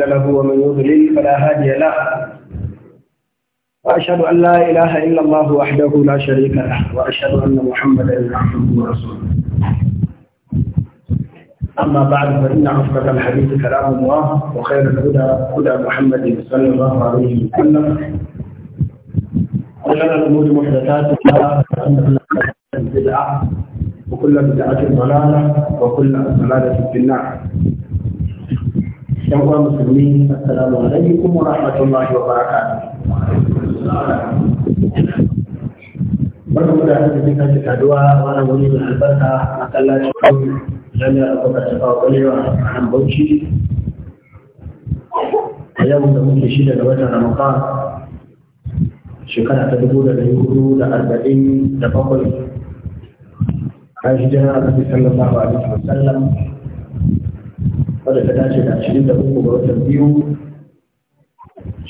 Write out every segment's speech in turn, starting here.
مثل له ومن يضلل فلا هادي له وأشهد أن لا إله إلا الله وحده لا شريك له وأشهد أن محمدا عبده ورسوله أما بعد فإن أصدق الحديث كلام الله وخير الهدى هدى محمد صلى الله عليه وسلم وشر الأمور محدثاتها فإن كل بدعة وكل بدعة ضلالة وكل ضلالة في النار yan uwa musulmi assalamu alaikum wa rahmatullahi wa barakatuh barka mu da hannun kan shi kaduwa wannan wuri mai albarka a kallacin jami'ar abokan ta kawo kwalewa a nan bauchi a yau da muke shida da wata ramadan shekara ta dubu da dari hudu da arba'in da bakwai jana'a kan shi jana a sallallahu alaihi wadda ta dace da ashirin da uku ga watan biyu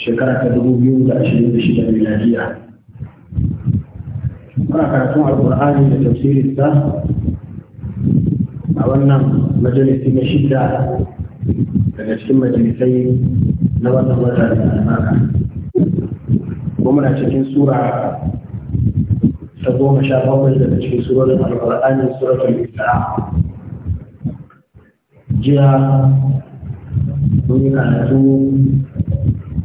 shekara ta dubu biyu da ashirin da shida miladiya muna karatun alƙur'ani da tafsirinsa a wannan majalisi na shida daga cikin majalisai na wannan wata da albarka kuma muna cikin sura ta goma sha bakwai daga cikin surorin alƙur'ani suratul isra'a jiya mun yi karatu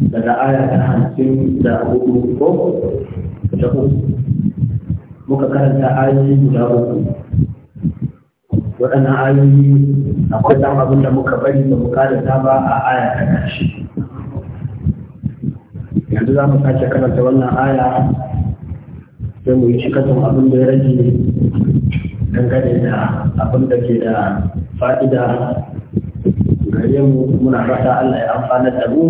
daga aya ta hamsin da hudu ko ta muka karanta ayoyi guda uku waɗannan ayoyi akwai ɗan abin da muka bari muka mu karanta ba a aya ta ƙarshe yanzu za mu sake karanta wannan aya sai mu yi cikatan abin da ya rage dangane da abin da ke da fa'ida gare mu muna fata Allah ya amfana da mu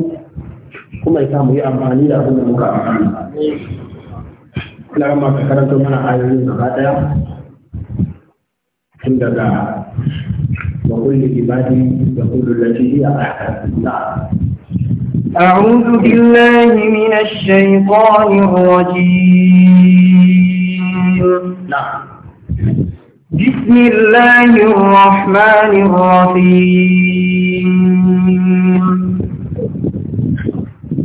kuma ya samu yi amfani da abin da muka amfani lamar ka karanta mana ayoyin gaba daya tun daga wa kulli ibadi ya kullu lati hiya ahsan أعوذ بالله من الشيطان الرجيم نعم بسم الله الرحمن الرحيم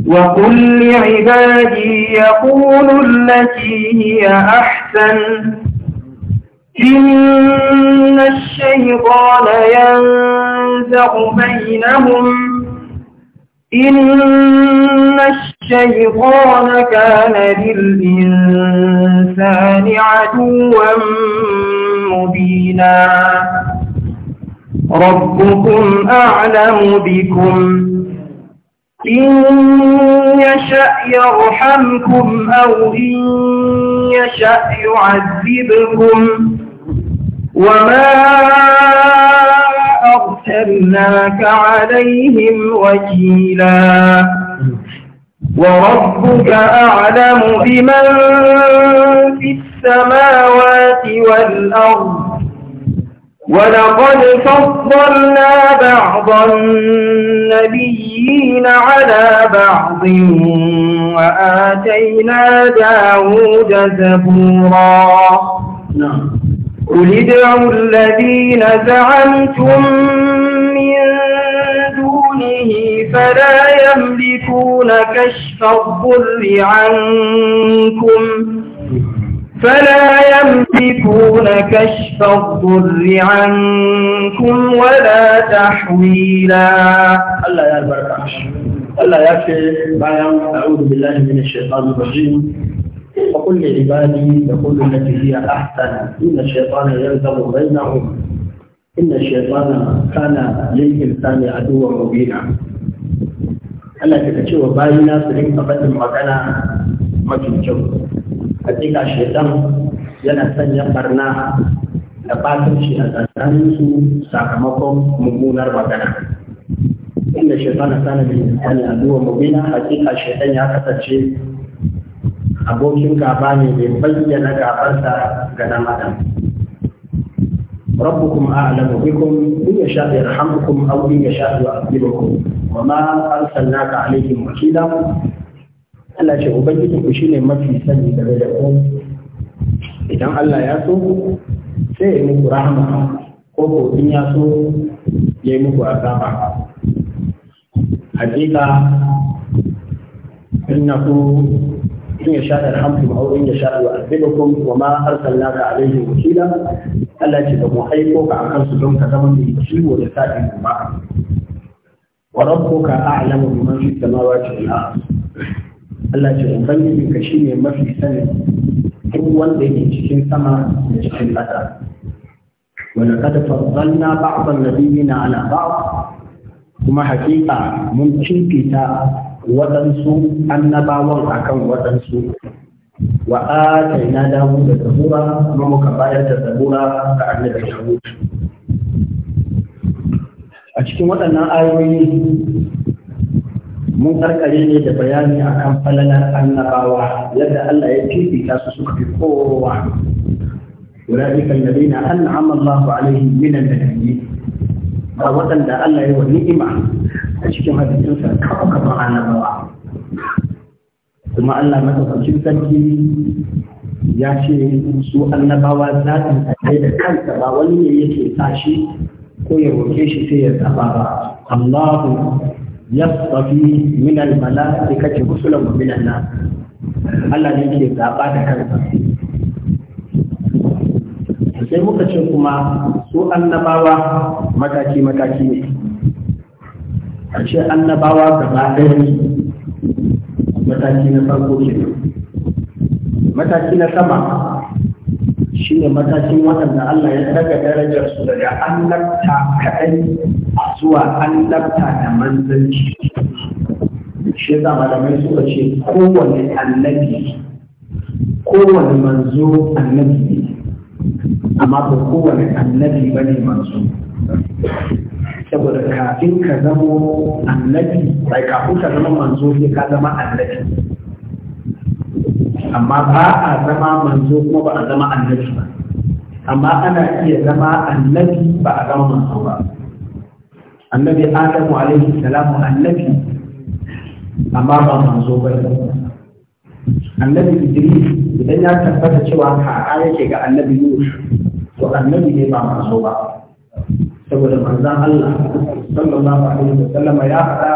وقل لعبادي يقولوا التي هي أحسن إن الشيطان ينزغ بينهم إن الشيطان كان للإنسان عدوا مبينا ربكم أعلم بكم إن يشأ يرحمكم أو إن يشأ يعذبكم وما أرسلناك عليهم وكيلاً وربك أعلم بمن في السماوات والأرض ولقد فضلنا بعض النبيين على بعض وآتينا داود زبورا نعم. قل ادعوا الذين زعمتم من دونه فلا يملكون كشف الضر عنكم فلا يملكون كشف الضر عنكم ولا تحويلا الله يا البركة الله يكفي بايام أعوذ بالله من الشيطان الرجيم وقل لعبادي يقول التي هي أحسن إن الشيطان يلزم بينهم inna shaytana kana lil insani aduwwan mubina Allah ta kace wa bayina su rinka faɗin magana mafi kyau hakika shaytan yana sanya barna da batunci a tsakanin su sakamakon mummunar magana inda shaytana kana lil insani aduwwan mubina hakika Shaitan ya kasance abokin gaba ne mai bayyana gabansa ga dan adam ربكم أعلم بكم إن يشاء يرحمكم أو إن يشاء يعذبكم وما أرسلناك عليهم وكيلا Allah ce ku shi ne mafi sani game da ku idan Allah ya so sai ya muku rahama ko ko in ya so ya yi muku azaba hakika in ya sha irhamkum aw in yasha yu'adhibukum wa ma arsalnaka alayhim wakila Allah ce ba mu aiko ka akan su don ka zama mai ciwo da sa ɗin ba wa rabbuka a'lamu biman fi samawati wal ard Allah ce ubangiji ka shine mafi sani. duk wanda yake cikin sama da cikin ƙasa Wani laqad faddalna ba'd na nabiyyina ala ba'd kuma haƙiƙa mun cinkita waɗansu annabawan akan waɗansu wa na dawo da zabura kuma muka bayar da zabura ga annabi dawud a cikin waɗannan ayoyi mun karkare ne da bayani akan falalar annabawa yadda Allah ya fifita su suka fi kowa أولئك الذين أنعم الله عليهم من النبيين waɗanda Allah ya wa ni'ima a cikin hadisinsa kawo kafa annabawa kuma Allah madaukakin sarki ya ce su annabawa za su kai da kansa ba wani ne yake tashi ko ya roke shi sai ya tsaba ba Allahu tsafi min al-mala'ikati rusulan wa min Allah ne yake zaba da kansa sai muka ce kuma su annabawa mataki mataki ne a ce annabawa gaba ɗaya mataki na farko ke mataki na sama shi ne matakin waɗanda Allah ya daga darajar su daga annabta kaɗai zuwa annabta da manzanci shi yasa malamai suka ce kowane annabi kowane manzo annabi ne amma ba kowane annabi ba ne manzo saboda kafin ka zama annabi bai kafin ka zama manzo sai ka zama annabi amma ba a zama manzo kuma ba a zama annabi ba amma ana iya zama annabi ba a zama manzo ba annabi adamu alaihi salamu annabi amma ba manzo ba annabi idris idan ya tabbata cewa ka'a yake ga annabi yusuf to annabi ne ba manzo ba saboda manzan Allah sallallahu alaihi wasallam ya faɗa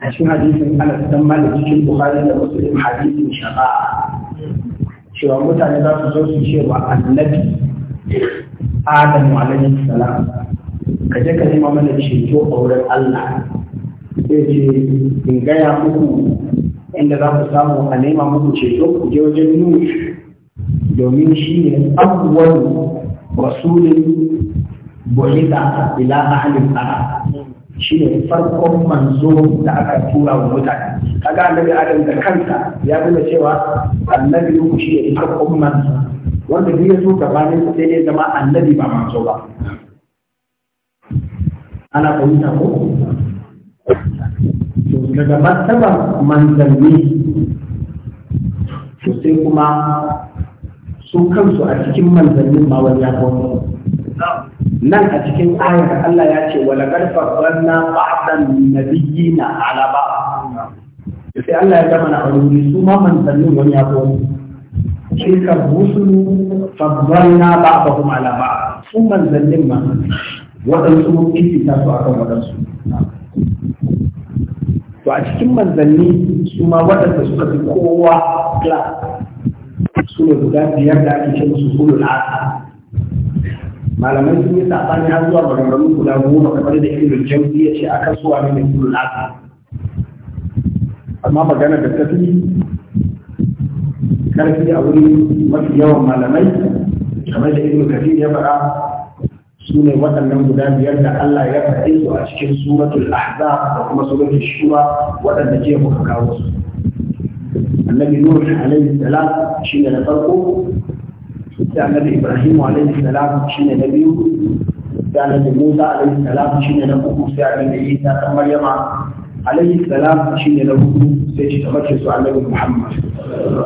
a cikin hadisin Anas dan Malam cikin Bukhari da Muslim hadisin shafa'a cewa mutane za su zo su ce wa annabi Adam alaihi salam ka je ka nema mana ceto a wurin Allah sai ce in gaya muku inda za ku samu a nema muku ceto ku je wajen Nuh domin shi ne abuwan rasulin bolita ila ahlil arab shine farkon manzo da aka tura wa mutane kaga annabi adam da kanta, ya nuna cewa annabi ku shi ne farkon manzo wanda duk ya zo gabanin sai dai zama annabi ba manzo ba ana fahimta ko daga martaba manzanni to sai kuma su kansu a cikin manzannin ma wani ya kawo nan a cikin ayar Allah ya ce wala karfar banna ba'dan nabiyina ala ba sai Allah ya gama na aure su ma sanin wani ya zo tilka rusulu ba kuma ala ba'd su manzannin ma waɗansu mun ta su akan waɗansu to a cikin manzanni su ma waɗanda suka fi kowa class su ne guda biyar da ake ce musu ulul asa malamai sun yi sabani har zuwa maganganu guda goma kamar da ibn jawzi ya ce akan suwa ne ibn al amma magana da tafi karfi a wuri mafi yawan malamai kamar da ibn kathir ya faɗa su ne waɗannan guda biyar da Allah ya faɗe su a cikin suratul ahza da kuma suratul shura waɗanda ke muka kawo su annabi nuhu alaihi salam shi ne na farko da annabi ibrahim alaihi salam shine na biyu da annabi musa alaihi salam shine na uku sai annabi isa da maryama alaihi salam shine na hudu sai shi tabbace su annabi muhammad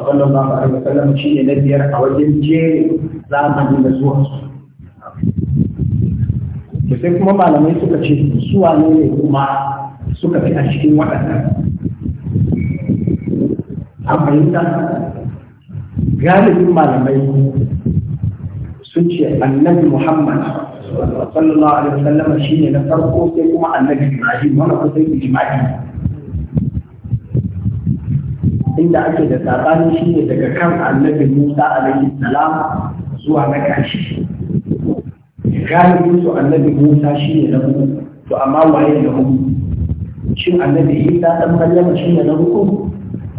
sallallahu alaihi wasallam shine na biyar a wajen je zamanin da zuwa su sai kuma malamai suka ce su wane ne kuma suka fi a cikin waɗannan an fahimta galibin malamai sun ce annabi muhammad sallallahu alaihi wasallam shine na farko sai kuma annabi ibrahim wannan kusan ijma'i inda ake da sabani shine daga kan annabi musa alaihi salam zuwa na kashi galibin su annabi musa shine na uku to amma waye da uku shin annabi isa dan maryama shine na uku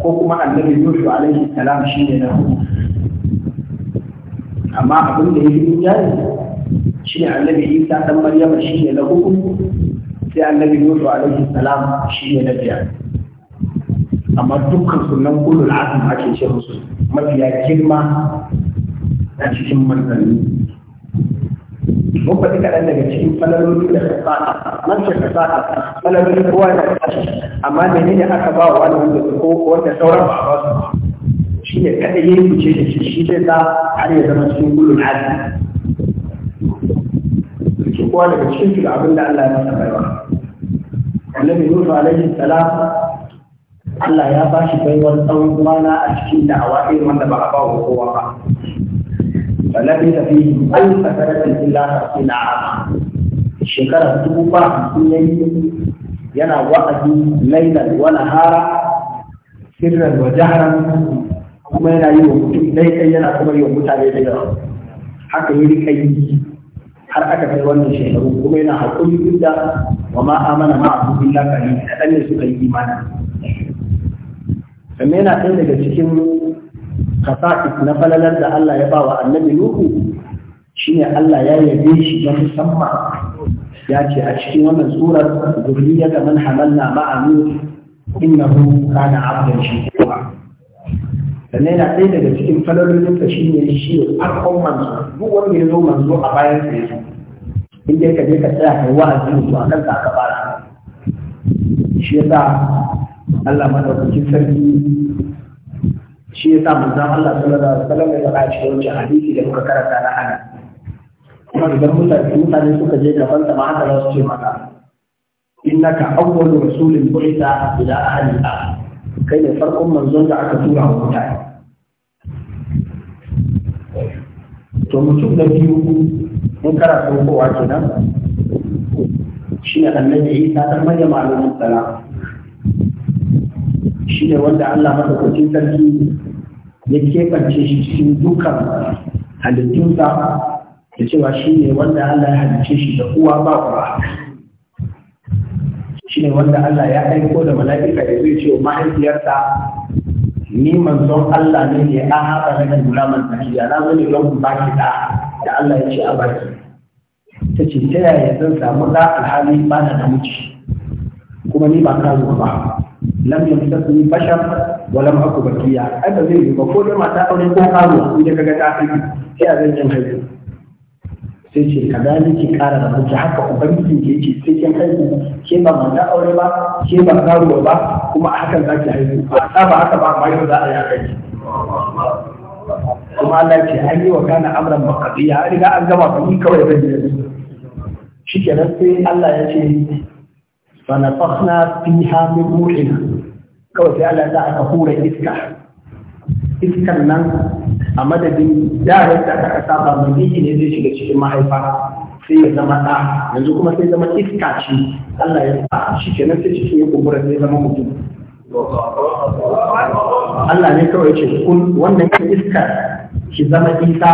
ko kuma annabi yusuf alaihi salam shi ne na hudu amma abin da ya fi jari shi ne annabi isa dan maryama shi ne na hudu sai annabi yusuf alaihi salam shi ne na biyar amma dukkan sunan Kullu azm ake ce musu mafiya girma a cikin manzanni mun faɗi kaɗan daga cikin falaloli da fasaha mace fasaha falaloli kowa da kashi amma ne aka ba wa wani wanda ko wanda sauran ba ba shi ne kada ya yi fice da shi shi zai sa har ya zama cikin gudun hali cikin kowa daga cikin su da abin da Allah ya masa baiwa annabi Nuhu alaihi salam Allah ya ba shi baiwar tsawon kwana a cikin da'awa irin wanda ba a ba wa kowa ba فلبث فيه ألف سنة إلا خمسين عاما shekara dubu ba hamsin ya yi yana wa'azi lailan wa nahara kuma yana yi wa mutum daidai yana kuma yi wa mutane da yawa haka yi rika yi har aka kai wannan shekaru kuma yana haƙuri duk da wa ma amana ma abu illa kali kaɗan ne suka yi imana sannan yana ɗaya daga cikin khasa'is na falalar da Allah ya bawa annabi Nuhu shine Allah ya yabe shi na musamman ya ce a cikin wannan surar zurriya da man hamalna ma'amu innahu kana abdan shakura sannan yana ɗaya daga cikin falalolin da shine shi arkon manzo duk wanda ya zo manzo a bayan sa ya zo dai ka je ka tsaya kai wa'azi to akan ka ka fara shi yasa Allah madaukakin sarki shi ya sa manzon Allah sallallahu alaihi wasallam ya faɗa cikin wancan hadisi da muka karanta na ana kuma idan mutane mutane suka je gaban fanta ma haka za su ce maka innaka awwalu rasulin bu'ita ila ahli a kai ne farkon manzon da aka tura wa mutane to mutum da biyu mun karatu kowa kenan shi ne annabi Isa dan Maryam alaihi salam shi ne wanda Allah kwacin sarki ya keɓance shi cikin dukan halittunsa da cewa shi ne wanda Allah ya halice shi da uwa ba uwa shi ne wanda Allah ya aiko da mala'ika da zai ce wa mahaifiyarsa ni manzon Allah ne ne a haɗa na man tafiya. na zo ne don ku baki da da Allah ya ce a baki ta ce ta yaya zan samu da alhali ba na da miji kuma ni ba kazo ba lam yamsasni bashar walam aku bakiya ai ba zai yi ba ko da mata aure ko kawo in ka ga ta kai sai a zan kai haihu sai ce ka gani ki kara da mutu haka ubangijin ke ce sai kin haihu ke ba mata aure ba ke ba kawo ba kuma a hakan za ki haihu ba a ba haka ba ma yau za a yi haka kuma Allah ce an yi wa kana amran maqdiya riga an gama ku ni kawai zan yi shikenan sai Allah ya ce fa nafakhna fiha min ruhina kawai sai Allah ya sa aka hura iska iskan nan a madadin dare da aka saba mai ne zai shiga cikin mahaifa sai ya zama ɗa yanzu kuma sai zama iska ce Allah ya sa shi kenan sai cikin ya kumbura sai zama mutum Allah ne kawai ce kun wannan iska ki zama isa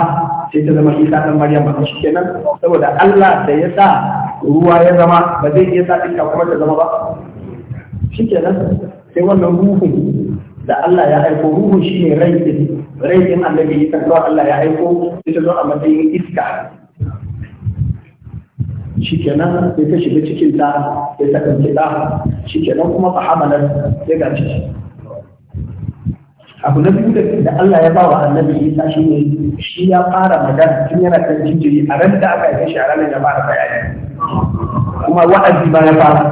sai ta zama isa ɗan maryam ba shi kenan saboda Allah da ya sa ruwa ya zama ba zai iya sa iska kuma ta zama ba shi kenan sai wannan ruhun da Allah ya aiko ruhun shi ne rai din rai din annabi isa zuwa Allah ya aiko ita zo a matsayin iska shikenan sai ta shiga cikin ta sai ta ɗauki ta shikenan kuma fa hamalar sai ga ciki abu na biyu da Allah ya bawa annabi Isa shi ne shi ya fara magana tun yana kan jinjiri a ran da aka yi shi a ranar ya fara bayani kuma wa'azi ba ya fara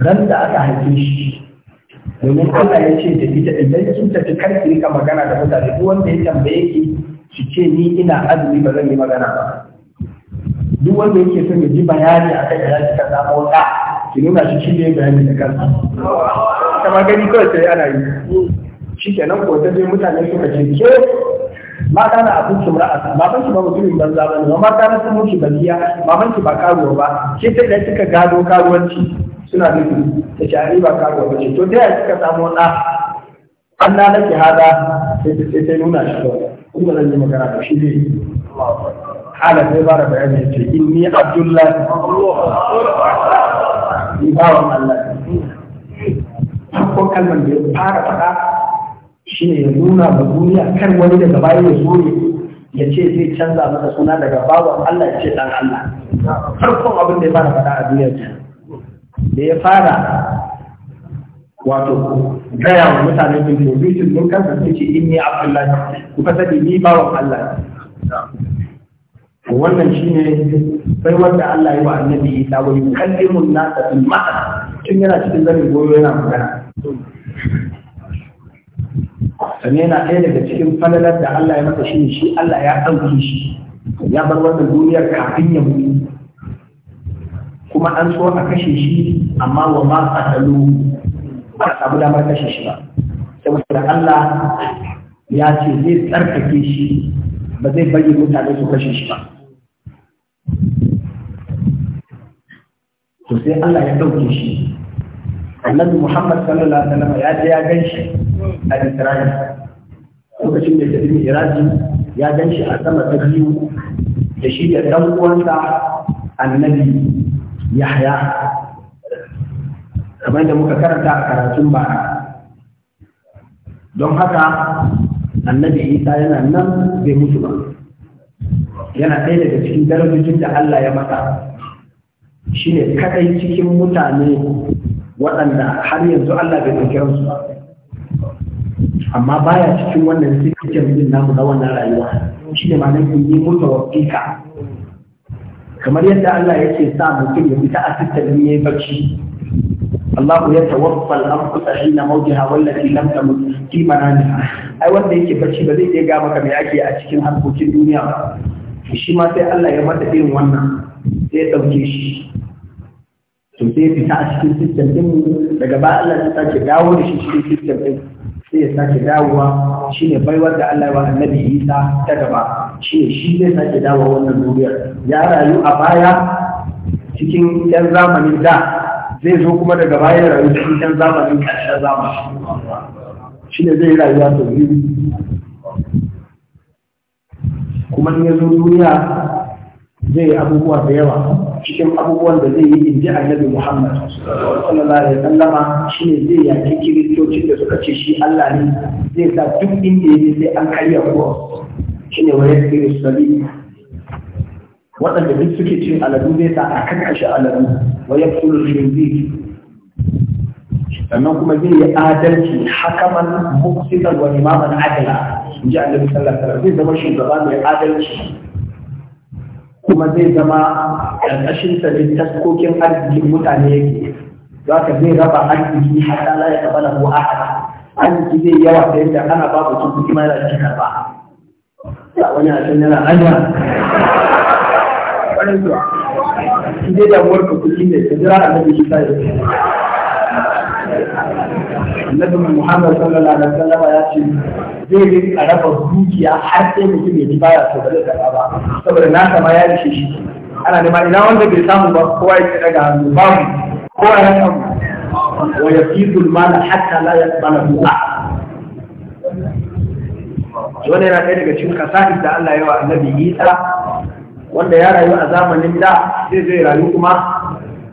ran da aka haife shi domin Allah ya ce da ita idan sun tafi karfi ka magana da mutane duk wanda ya tambaye ki ki ce ni ina azumi ba zan yi magana ba duk wanda yake son ya ji bayani a kai ya ka samu wata ki nuna shi shi ne bayani da kansa kama gani kawai sai ana yi shi kenan ko ta je mutane suka ce ke mata na abin kimra a sa baban ki ba mutumin banza ba ne mata na sun mushi baliya baban ki ba karuwa ba ke ta da kika gado karuwanci suna nufi ta shari ba ka ga ce to da yaya kika samu ɗa an na nake hada sai sai nuna shi ba. kun ga zan yi magana ba shi ne. yi ala sai ba da bayani ce inni abdullahi ni bawan Allah farkon kalman da ya fara faɗa shi ne ya nuna ga duniya kan wani daga bayan ya zo ne ya ce zai canza masa suna daga bawan Allah ya ce dan Allah farkon abin da ya fara faɗa a duniya ce da ya fara wato gaya wa mutane da ke bisin mun da suke in yi abdullahi ku fa sani ni bawan Allah wannan shine sai wanda Allah ya wa annabi Isa kalli mun na fil ma'a tun yana cikin zarin goyo yana magana sannan yana ɗaya daga cikin falalar da Allah ya masa shi shi Allah ya ɗauki shi ya bar wannan duniyar kafin ya mutu kuma an so a kashe shi amma wa ma a qatalu ba samu damar kashe shi ba saboda Allah ya ce zai tsarkake shi ba zai bari mutane su kashe shi ba to sai Allah ya dauke shi annabi Muhammad sallallahu alaihi wasallam ya je ya gan shi a Isra'il lokacin da ya tafi Iraji ya gan shi a sama ta biyu da shi da dan uwansa annabi yahya kamar da muka karanta a karatun ba don haka annabi isa yana nan bai mutu ba yana ɗaya daga cikin darajojin da allah ya mata shi ne kaɗai cikin mutane waɗanda har yanzu allah bai ɗauki ransu ba amma baya cikin wannan sikin din namu na wannan rayuwa shi ne ma nan kun yi mutu wa fika kamar yadda Allah ya ce sa mutum ya fita a tattalin ya yi bacci Allah ya tawaffa al-anfusa hina mawjiha wallati lam tamut fi manamiha ai wanda yake bacci ba zai je ga maka me ake a cikin harkokin duniya ba shi ma sai Allah ya mata irin wannan sai ya dauke shi to sai fita a cikin system din daga ba Allah ya sake dawo da shi cikin system din sai ya sake dawowa ne baiwar da Allah wa annabi Isa ta gaba shi ne shi zai sake dawo wannan duniyar ya rayu a baya cikin yan zamanin da zai zo kuma daga baya ya rayu cikin yan zamanin ƙarshen zamani shi ne zai rayuwa sau biyu kuma in ya zo duniya zai yi abubuwa da yawa cikin abubuwan da zai yi in inji annabi Muhammad sallallahu alaihi sallama shi ne zai yaki kiristocin da suka ce shi Allah ne zai sa duk inda yake sai an karya ko shi ne wani kiristoci waɗanda duk suke cin aladu zai sa a kan kashe aladu wa ya fulu shinzi sannan kuma zai yi adalci hakaman muksidan wa imaman adala in ji annabi sallallahu alaihi zai zama shugaba mai adalci kuma zai zama ƙarƙashin sa ne taskokin arzikin mutane yake za ka zai raba arziki hatta la ya ko lahu ahada arziki zai yawa ta yadda ana ba mutum kuɗi ma yana cikin karɓa ba wani a can yana ƙwarin ƙwarai kuwa shi dai damuwar ka kuɗi ne ta jira a nan da shi annabi Muhammad sallallahu alaihi wasallam ya ce zai yi a raba dukiya har sai mutum ya ji baya so ba zai karɓa ba saboda na sama ya rishe shi ana nema ina wanda bai samu ba kowa ya daga hannu babu kowa ya samu wa yafidu al-mala hatta la yaqbala du'a wanda yana ɗaya daga cikin kasa'is da Allah ya wa annabi Isa wanda ya rayu a zamanin da zai zai rayu kuma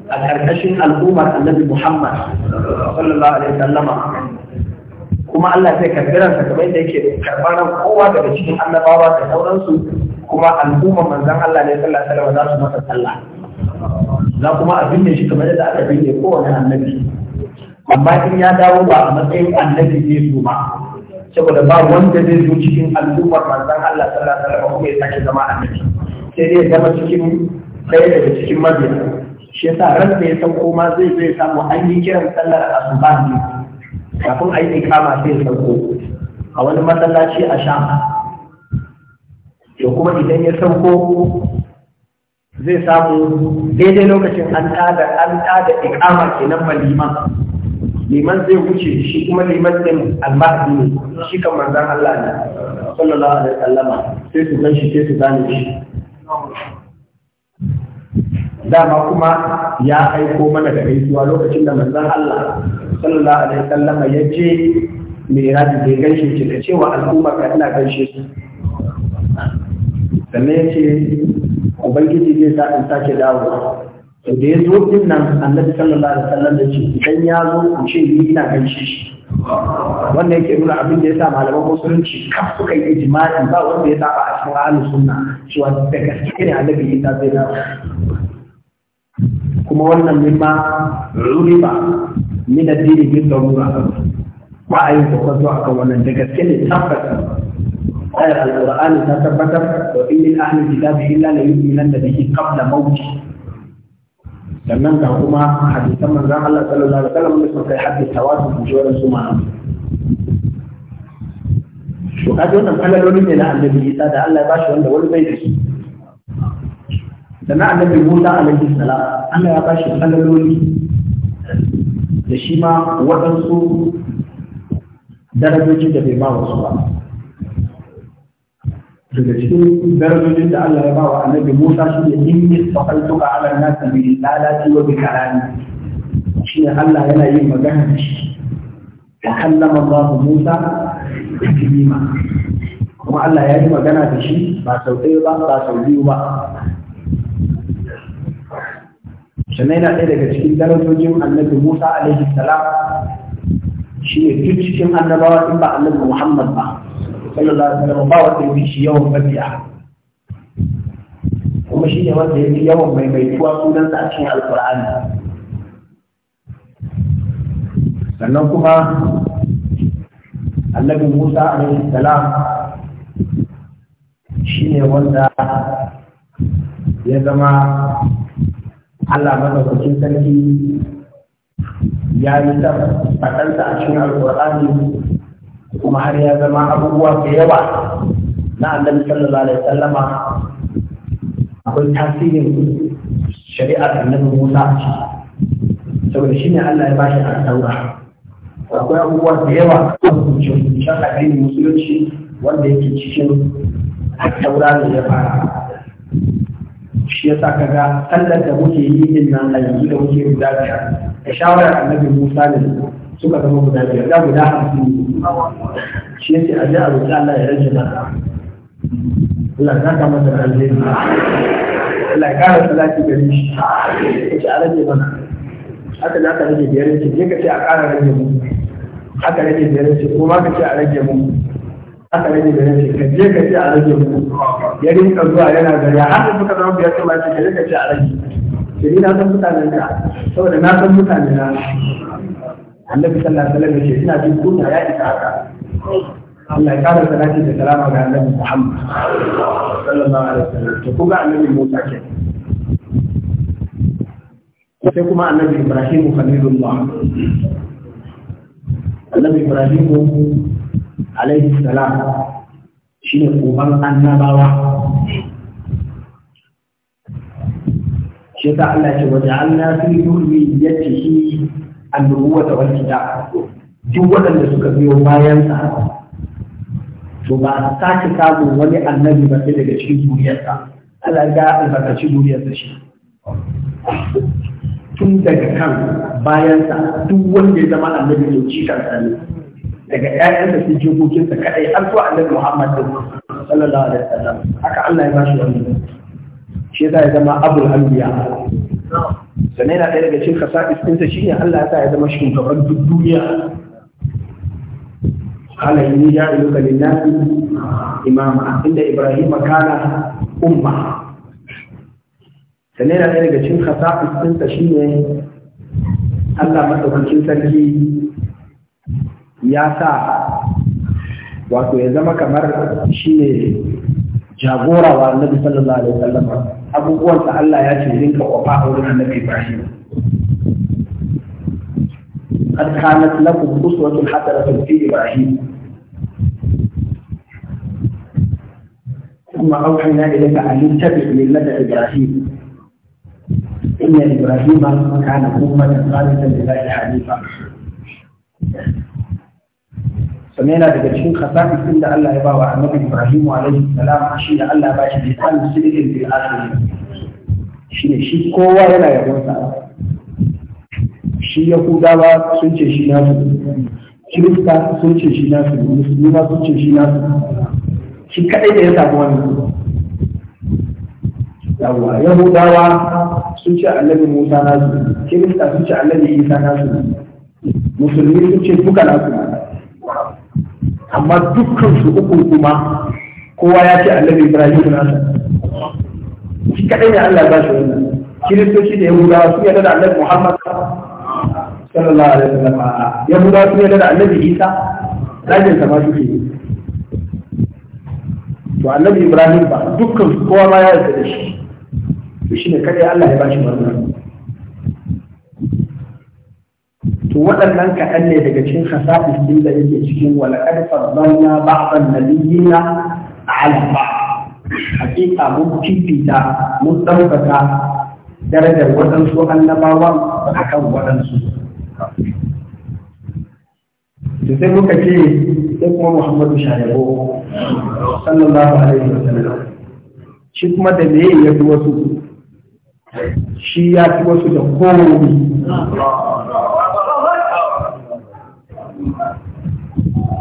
a ƙarƙashin al'ummar annabi Muhammad sallallahu alaihi wasallama kuma Allah zai karɓi ransa kamar yadda yake karɓar ran kowa daga cikin annabawa da sauransu kuma al'ummar manzon Allah ne sallallahu alaihi wasallama za su masa sallah za kuma a binne shi kamar yadda aka binne kowane annabi amma in ya dawo ba a matsayin annabi ne su ba saboda ba wanda zai zo cikin al'ummar manzon Allah sallallahu alaihi wasallama kuma ya sake zama annabi sai dai ya zama cikin ɗaya daga cikin mabiya shi yasa ran da ya sauko ma zai zai samu an yi kiran sallar asuba ne kafin a yi ikama sai ya sauko a wani masallaci a sha to kuma idan ya sauko zai samu daidai lokacin an tada an tada ikama kenan maliman liman zai wuce shi kuma liman din almahdi ne shi kan manzon Allah ne sallallahu alaihi wasallama sai su gan shi sai su gane shi dama kuma ya aiko mana da gaisuwa lokacin da manzon Allah sallallahu alaihi wasallam ya je miraji da gaishe ce da cewa al'umma ka ina gaishe su sannan ya ce ubangiji zai sa in sake dawo to da ya zo din nan annabi sallallahu alaihi wasallam ya ce idan ya zo in ce ni ina gaishe shi wannan yake nuna abin da ya sa malaman musulunci kaf suka yi ijma'i ba wanda ya saba a cikin ahlus sunna cewa da gaske ne annabi isa zai dawo kuma wannan mimma ruriba min addini bin darura ba a yi kokonto akan wannan da gaske ne tabbata ayar alqur'ani ta tabbatar wa in min ahli kitabi illa la yu'minan da bihi qabla mawti sannan ga kuma hadisan manzon Allah sallallahu alaihi wasallam da suka kai hadisi tawazu jiwaran su ma'ana to kaje wannan kallon ne na annabi Isa da Allah ya bashi wanda wani bai da shi da na annabi Musa alaihi salam Allah ya bashi kalaloli da shi ma waɗansu darajoji da bai ba wasu ba daga cikin darajojin da Allah ya ba wa annabi Musa shi ne in yi ga ala na bi lalati wa bi karami shi ne Allah yana yin magana da shi ya kallama Allah Musa da kuma Allah ya yi magana da shi ba sau ɗaya ba ba sau biyu ba sannan yana ɗaya daga cikin darajojin annabi musa alaihi salam shi ne duk cikin annabawa in ba annabi muhammad ba sallallahu alaihi wasallam ba wanda ya shi yawan mabiya kuma shi ne wanda ya fi yawan maimaituwa sunansa a cikin alkur'ani sannan kuma annabi musa alaihi salam shi ne wanda ya zama Allah madaukakin sarki ya yi ta fatanta a cikin alƙur'ani kuma har ya zama abubuwa da yawa na annabi sallallahu alaihi wasallama akwai tasirin shari'ar annabi Musa a ciki saboda shine Allah ya bashi al-taura akwai abubuwa da yawa a hukuncin addinin musulunci wanda yake cikin al-taura ne ya fara shi yasa kaga sallar da muke yi din nan a yanzu da muke guda biyar da shawarar annabi Musa ne suka zama guda biyar da guda hamsin shi yace a ji a roƙi Allah ya rage masa Allah ya kama da alheri Allah ya kara salati gare shi yace a rage mana haka za ka rage biyar ce ka ce a kara rage mu haka rage biyar ce kuma ka ce a rage mu aka rage da yake ka je ka ce a rage mu ya rinka zuwa yana gari har da suka zama biyar kuma ce ka je ka ce a rage shiri na san mutane da saboda na san mutane na annabi sallallahu alaihi wasallam ya ce ina jin kunya ya isa haka Allah ya kara salati da salama ga annabi Muhammad sallallahu alaihi wasallam to kuma annabi Musa ke sai kuma annabi Ibrahim khalilullah annabi Ibrahim alaihi salam shi ne uban annabawa shi ta Allah ce waje Allah fi yuri ya ce shi annubuwa da wani da duk waɗanda suka biyo bayansa to ba a sake samun wani annabi ba sai daga cikin duniyarsa Allah ga albarkaci duniyarsa shi tun daga kan bayansa duk wanda ya zama annabi ya ci kansa ne daga ƴaƴansa sai hukunta kaɗai an so annabi Muhammad sallallahu alaihi wasallam haka Allah ya bashi wannan shi yasa ya zama abul anbiya sannan na ɗaya daga cikin kasa'is ɗinsa shi ne Allah ya sa ya zama shugaban duk duniya قال إني جاعلك للناس إماما عند إبراهيم كان أمة sannan yana ɗaya daga cikin kasa'is ɗinsa shi ne Allah maɗaukakin sarki ya sa wato ya zama kamar shi ne jagora wa annabi sallallahu alaihi wasallam abubuwan sa Allah ya ce rinka kofa a wurin annabi Ibrahim قد كانت لكم أسوة حسنة في إبراهيم ثم أوحينا إليك أن اتبع ملة إبراهيم إن إبراهيم كان أمة خالصا لله حنيفا sannan yana daga cikin khasa'is din da Allah ya ba wa Annabi Ibrahim alaihi salam shi da Allah ba shi lisan sidikin bil akhir shi ne shi kowa yana yabon sa shi Yahudawa sun ce shi nasu Kirista sun ce shi nasu Musulmi sun ce shi nasu shi kadai da ya samu wannan yawa Yahudawa sun ce Annabi Musa nasu Kirista sun ce Annabi Isa nasu Musulmi sun ce duka nasu amma dukkan su uku kuma kowa ya ce annabi ibrahim na sa shi kadai ne Allah ba shi wannan kiristoci da yahudawa su yadda da annabi muhammad sallallahu alaihi wasallam yahudawa su yadda da annabi isa zagin sa ma su ke to annabi ibrahim ba dukkan su kowa ma ya yarda da shi to shine kadai Allah ya ba shi wannan to waɗannan kaɗan ne daga cikin hasafin ɗin da yake cikin walaƙar farbanna ba'ban ba a alfa hakika mun fifita mun ɗaukaka darajar waɗansu annabawan a kan waɗansu da sai muka ce sai kuma muhammadu shayabo sallallahu alaihi wa sallam shi kuma da me ya fi wasu shi ya fi wasu da kowane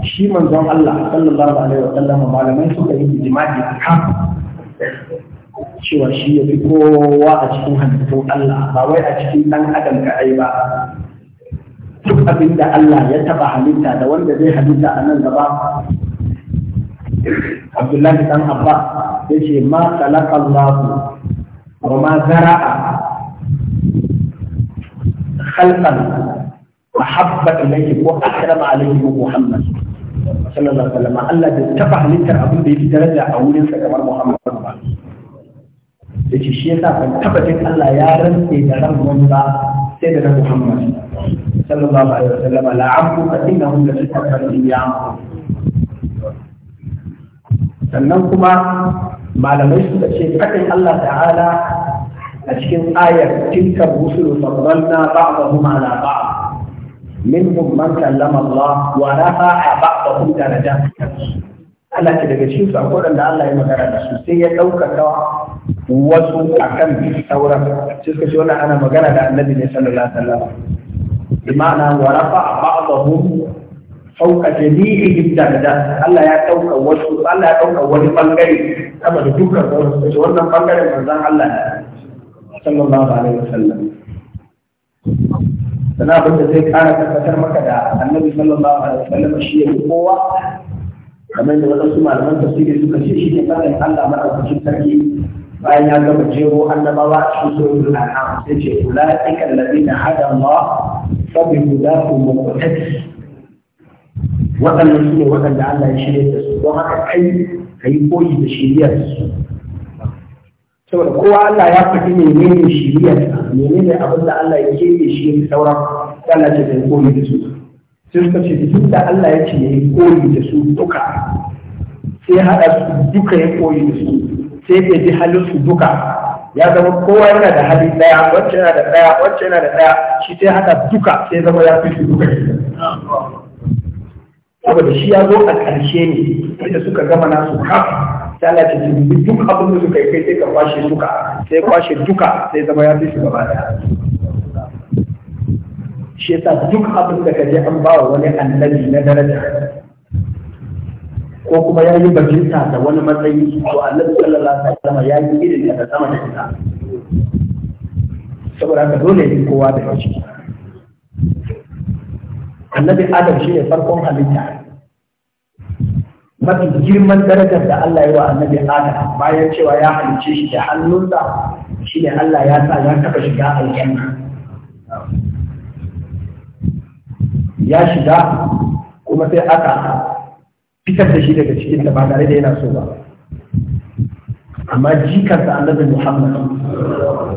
shi manzon Allah sallallahu alaihi wa sallam malamai suka yi jima'i kafin cewa shi ya fi kowa a cikin halittun Allah ba wai a cikin ɗan adam ka ai ba duk abin da Allah ya taɓa halitta da wanda zai halitta a nan gaba Abdullahi dan Abba ya ce ma khalaqa Allah wa ma zara'a khalqan ahabba ilayhi wa akrama alayhi Muhammad sallallahu alaihi wasallam Allah bai taba halittar abin da yake daraja a wurin sa kamar Muhammad ba yace shi yasa ban taba jin Allah ya rantse da ran manza sai da Muhammad sallallahu alaihi wasallam la abu fa innahum la tatabbal iyam sannan kuma malamai suka ce kadai Allah ta'ala a cikin ayar tilka rusulu faddalna ba'dahum ala ba'd منهم من كلم الله ورفع بعض da hujja da jami'an Allah ce daga cikin sakon da Allah ya magana da su sai ya ɗaukaka wasu akan sauran sai suka ce wannan ana magana da annabi ne sallallahu alaihi wasallam bima'ana wa rafa'a ba'dahum fawqa jami'ihim darajat Allah ya ɗauka wasu Allah ya ɗauka wani bangare Kama da dukkan sauran sai wannan bangaren manzon Allah sallallahu alaihi wasallam sana abin da zai kara tabbatar maka da annabi sallallahu alaihi wasallam shi ya kowa kamar da wasu malaman tafsiri suka ce shi ne fadin Allah madaukakin sarki bayan ya gama jero annabawa a cikin suratul an'am sai ce ulaika alladhina hada Allah fa bi hudahu muqtadi waɗannan su ne waɗanda Allah ya shirya da su don haka kai ka yi koyi da shiriyar su saboda kowa Allah ya faɗi menene shiriyar menene abin da Allah ya keɓe shi sauran Allah ce ka yi koyi da su sai suka ce duk da Allah ya ce yayi koyi da su duka sai haɗa su duka ya koyi da su sai ya ji halin su duka ya zama kowa yana da hali ɗaya wacce yana da ɗaya wacce yana da ɗaya shi sai haɗa duka sai zama ya fi su duka saboda shi ya zo a ƙarshe ne inda suka gama su kafin sai Allah ce duk abin da suka yi kai sai ka kwashe duka sai kwashe duka sai zama ya fi gaba daya shi duk abin da kaje an ba wa wani annabi na daraja ko kuma ya yi bajinta da wani matsayi ko annabi sallallahu alaihi wasallam ya yi irin da sama da ita saboda haka dole ne kowa da shi annabi adam shi ne farkon halitta mafi girman darajar da Allah ya wa annabi adam bayan cewa ya halice shi da hannunsa shi ne Allah ya sa ya taba shiga aljanna ya shiga kuma sai aka fitar da shi daga cikin da ba tare da yana so ba amma jikarsa annabi Muhammad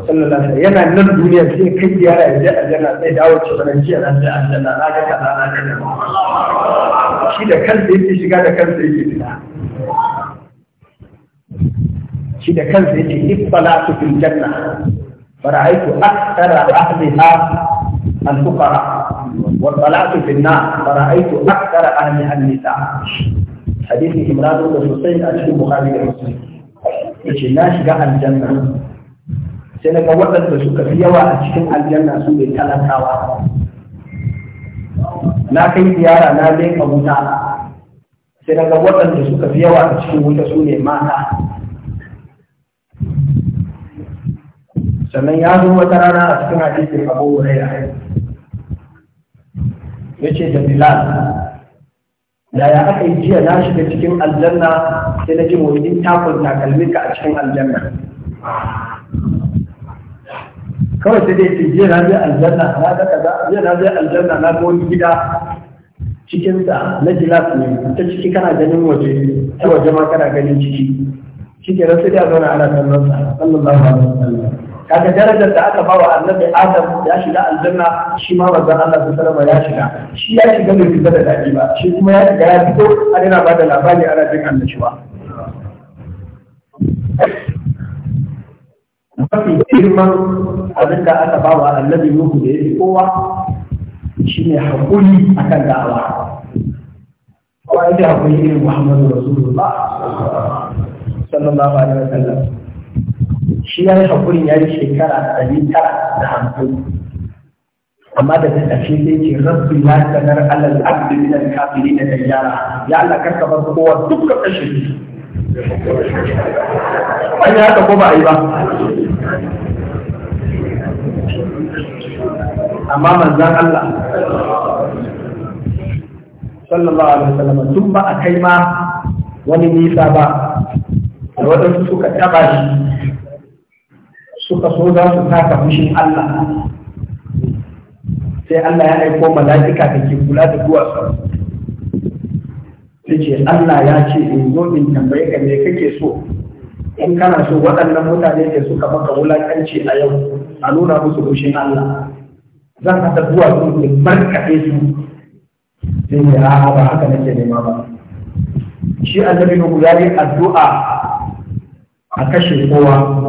sallallahu alaihi yana nan duniya sai kai ziyara ya je aljanna sai dawo ci sanan ji aljanna aljanna na ga kaza na ga shi da kansa yake shiga da kansa yake fita shi da kansa yake ifbalatu fil janna fara'aitu akthara ahliha al-fuqara والصلاة في النار فرأيت أكثر أهلها النساء حديث إمران بن حسين أشهر البخاري ومسلم yace na shiga aljanna sai na waɗanda suka fi yawa a cikin aljanna su ne talakawa na kai ziyara na leƙa wuta sai na waɗanda suka fi yawa a cikin wuta su ne mata sannan ya zo wata rana a cikin hadisin abu hurairah ya ce da bilal yaya aka yi jiya na shiga cikin aljanna sai na ji wani takon takalmin ka a cikin aljanna kawai sai dai ce jiya na zai aljanna na ga kaza jiya na zai aljanna na ga wani gida cikinsa na gilas ne ta ciki kana ganin waje ta waje ma kana ganin ciki shi ke rasu da zauna ana kallon sa sallallahu alaihi wasallam kaga darajar da aka bawa annabi adam ya shiga aljanna shi ma manzon Allah sallallahu alaihi ya shiga shi ya shiga bai fita da dadi ba shi kuma ya shiga ya fito an yana bada labari ana jin annashuwa mafi girman abin da aka bawa annabi Nuhu da ya fi kowa Shi shine hakuri kan da'awa wa ida hakuri irin Muhammadu Rasulullah sallallahu alaihi wasallam shi ya yi haƙurin ya yi shekara ɗari tara da hamsin amma da ta tafi sai ce rabbi la tanar alal abdi min al kafiri da yara ya Allah karka bar kowa duk ka Wani shi an haka ko ba a yi ba amma manzan Allah sallallahu alaihi wasallam tun ba a kai ma wani nisa ba da waɗansu suka taɓa shi suka so za su taka fushin Allah sai Allah ya aiko mala'ika da ke kula da duwatsu ta ce Allah ya ce in zo in tambaye ka me kake so in kana so waɗannan mutane da suka maka wulakanci a yau a nuna musu fushin Allah zan haɗa duwatsu in markaɗe su sai ne a'a ba haka nake nema ba shi annabi nuhu ya yi addu'a a kashe kowa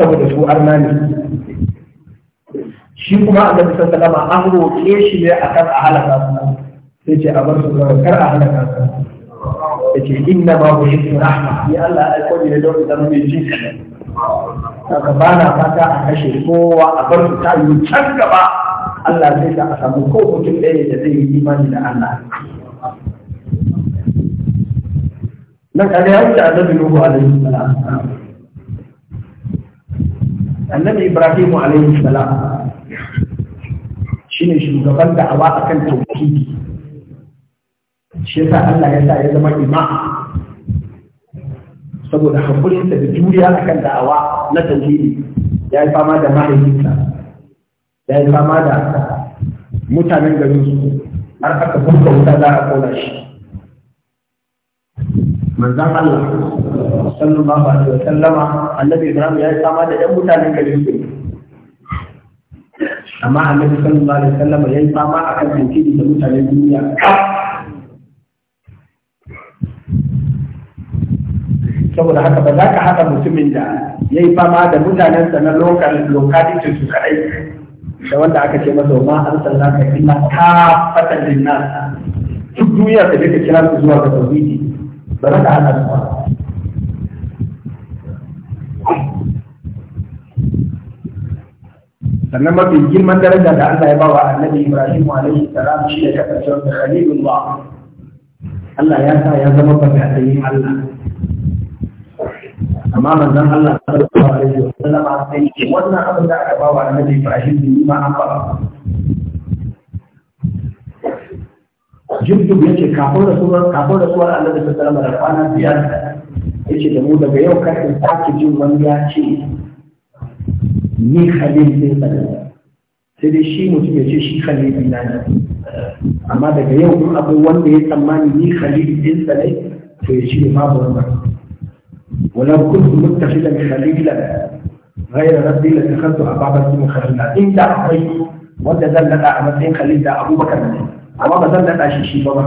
saboda su arna ne shi kuma a zafi sassa dama an roƙe shi ne a kan a halaka su sai ce a bar su kawai kar a halaka su da ce inna ma ku shi rahma ya Allah ai ko ne don zama mai jin shi haka ba na fata a kashe kowa a bar su ta yi can gaba Allah zai sa a samu ko mutum ɗaya da zai yi imani da Allah nan kaga ya wuce annabi Nuhu alaihi salam annabi ibrahim alaihi salam shine shugaban da'awa akan tauhidi shi yasa Allah ya sa ya zama ima saboda hakurinsa da juriya akan da'awa na tauhidi ya yi fama da mahaifinsa ya yi fama da mutanen garin su har aka kuka wuta za a kona shi manzan Allah sallallahu alaihi sallama, annabi Ibrahim ya yi fama da 'yan mutanen garin su amma annabi sallallahu alaihi ya yi fama kan tantiri da mutanen duniya saboda haka ba za ka haɗa mutumin da ya yi fama da mutanensa na lokacin su kaɗai da wanda aka ce masa ma an sanna ka illa ta fatan dinna duk duniya ta ka kira su zuwa ga tauhidi ba za ka haɗa su ba sannan mafi girman daraja da Allah ya ba wa annabi Ibrahim alaihi salam shi da kasancewar da khalilullah Allah ya sa ya zama fadayin Allah amma manzon Allah sallallahu alaihi wasallam sai ce wannan abin da aka ba wa annabi Ibrahim ne ma an ba jirgin ya ce kafin rasuwar kafin rasuwar annabi sallallahu alaihi wasallam da kwana biyar ya ce da mu daga yau kar in sake jin wani ya ce ni khalilin Allah sai dai shi mutum ya ce shi khalilin na ne amma daga yau in akwai wanda ya tsammani ni khalilin sa ne to ya ce ma ba wannan ولو كنت متخذا خليلا غير ربي لاتخذت ابا من خليلا ان دا akwai wanda zan nada a matsayin khalil da abubakar ne amma ba zan nada shi shi ba ba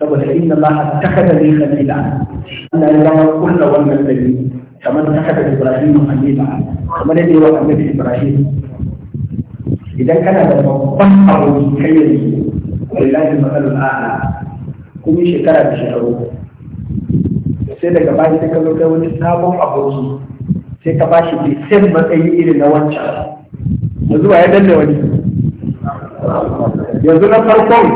saboda inna allaha takhadha li khalila Allah ya zama kullu wannan dalili kamar ta da Ibrahim Halima kamar yadda yawa annabi Ibrahim idan kana da babban abu kai yanzu wallahi matsalar a'a kuma shekara da shekaru sai daga baki ta kazo kai wani sabon abu sai ka bashi shi sai matsayi irin na wancan yanzu ba ya danne wani yanzu na farkon